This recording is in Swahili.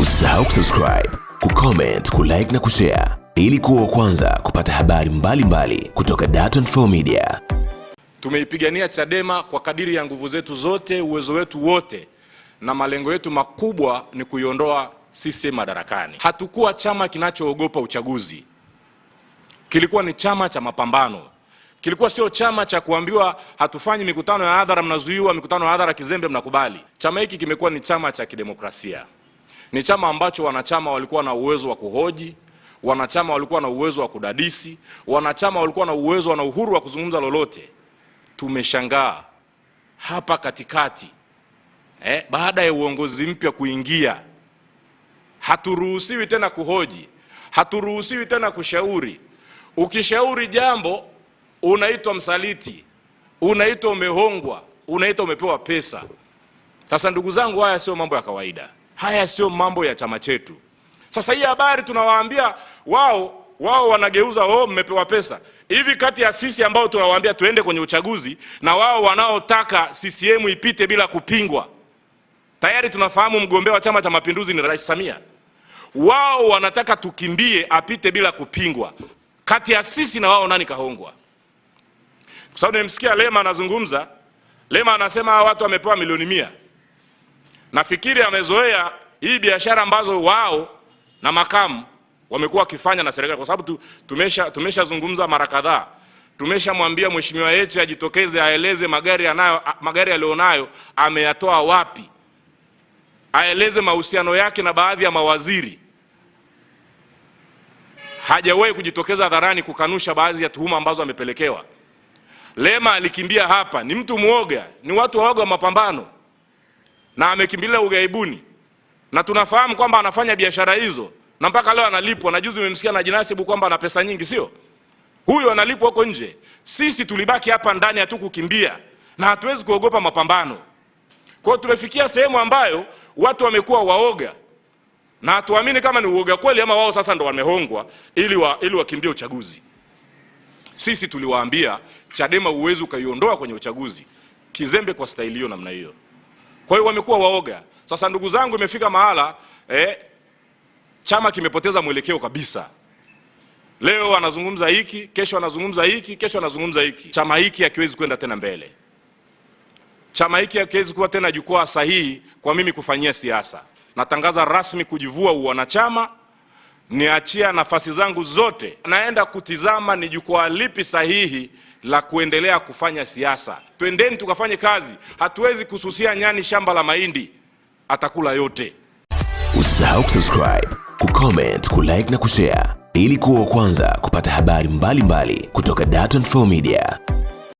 Usisahau kusubscribe, kucomment, kulike na kushare ili kuwa kwanza kupata habari mbalimbali mbali kutoka Dar24 Media. Tumeipigania Chadema kwa kadiri ya nguvu zetu zote, uwezo wetu wote, na malengo yetu makubwa ni kuiondoa CCM madarakani. Hatukuwa chama kinachoogopa uchaguzi, kilikuwa ni chama cha mapambano. Kilikuwa sio chama cha kuambiwa hatufanyi mikutano ya hadhara, mnazuiwa, mikutano ya hadhara kizembe, mnakubali. Chama hiki kimekuwa ni chama cha kidemokrasia. Ni chama ambacho wanachama walikuwa na uwezo wa kuhoji, wanachama walikuwa na uwezo wa kudadisi, wanachama walikuwa na uwezo na uhuru wa kuzungumza lolote. Tumeshangaa hapa katikati eh, baada ya uongozi mpya kuingia, haturuhusiwi tena kuhoji, haturuhusiwi tena kushauri. Ukishauri jambo unaitwa msaliti, unaitwa umehongwa, unaitwa umepewa pesa. Sasa ndugu zangu, haya sio mambo ya kawaida. Haya sio mambo ya chama chetu. Sasa hii habari tunawaambia wao, wao wanageuza o oh, mmepewa pesa hivi. Kati ya sisi ambao tunawaambia tuende kwenye uchaguzi na wao wanaotaka CCM ipite bila kupingwa, tayari tunafahamu mgombea wa Chama cha Mapinduzi ni Rais Samia. Wao wanataka tukimbie apite bila kupingwa. Kati ya sisi na wao, nani kahongwa? Kwa sababu nimemsikia Lema anazungumza. Lema anasema hawa watu wamepewa milioni mia Nafikiri amezoea hii biashara ambazo wao na makamu wamekuwa wakifanya na serikali, kwa sababu tumesha tumeshazungumza mara kadhaa, tumeshamwambia mheshimiwa yetu ajitokeze, aeleze magari anayo, magari alionayo ameyatoa wapi, aeleze mahusiano yake na baadhi ya mawaziri. Hajawahi kujitokeza hadharani kukanusha baadhi ya tuhuma ambazo amepelekewa. Lema alikimbia hapa, ni mtu mwoga, ni watu waoga wa mapambano na amekimbilia ugaibuni na tunafahamu kwamba anafanya biashara hizo na mpaka leo analipwa, na juzi nimemsikia na jinasibu kwamba ana pesa nyingi, sio? Huyo analipwa huko nje, sisi tulibaki hapa ndani, hatukukimbia na hatuwezi kuogopa mapambano. Kwa hiyo tumefikia sehemu ambayo watu wamekuwa waoga na hatuamini kama ni uoga kweli ama wao sasa ndo wamehongwa ili, wa, ili wakimbie uchaguzi. Sisi tuliwaambia Chadema huwezi ukaiondoa kwenye uchaguzi, kizembe kwa staili hiyo namna hiyo. Kwa hiyo wamekuwa waoga. Sasa ndugu zangu, imefika mahala eh, chama kimepoteza mwelekeo kabisa. Leo anazungumza hiki, kesho anazungumza hiki, kesho anazungumza hiki. Chama hiki hakiwezi kwenda tena mbele. Chama hiki hakiwezi kuwa tena jukwaa sahihi kwa mimi kufanyia siasa. Natangaza rasmi kujivua uwanachama niachia nafasi zangu zote, naenda kutizama ni jukwaa lipi sahihi la kuendelea kufanya siasa. Twendeni tukafanye kazi, hatuwezi kususia nyani shamba la mahindi, atakula yote. Usisahau kusubscribe, kucomment, kulike na kushare ili kuwa wa kwanza kupata habari mbalimbali mbali kutoka Dar24 Media.